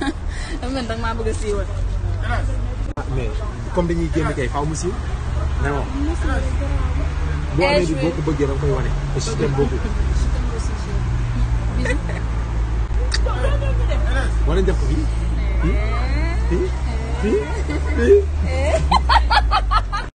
dafa danga maa bëgg a siiwal. ah mais dañuy génn kay faaw mu siiw. ne woon boo amee di eh, boo ko bëggee da koy wane. te système boobu. wane def fii. fii fii fii.